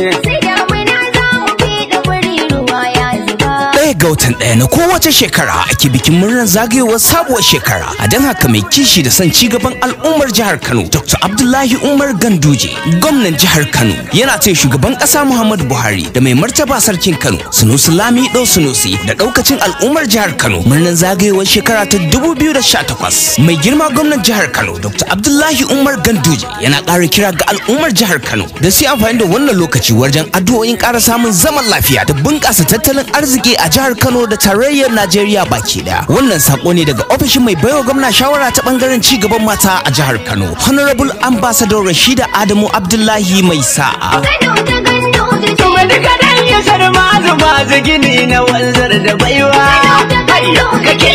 ¡Sí! ga watan ɗaya na kowace shekara ake bikin murnar zagayowar sabuwar shekara a don haka mai kishi da son cigaban al'ummar jihar Kano Dr. Abdullahi Umar Ganduje gwamnan jihar Kano yana taya shugaban ƙasa Muhammadu Buhari da mai martaba sarkin Kano Sunusi Lami Ɗau Sunusi da ɗaukacin al'ummar jihar Kano murnar zagayowar shekara ta 2018 mai girma gwamnan jihar Kano Dr. Abdullahi Umar Ganduje yana ƙara kira ga al'ummar jihar Kano da su amfani da wannan lokaci wajen addu'o'in ƙara samun zaman lafiya da bunƙasa tattalin arziki a jihar jihar Kano da tarayyar Najeriya baki daya. Wannan sako ne daga ofishin mai baiwa gwamna shawara ta bangaren ci gaban mata a jihar Kano. Honorable Ambassador Rashida Adamu Abdullahi mai sa'a. duka na da baiwa.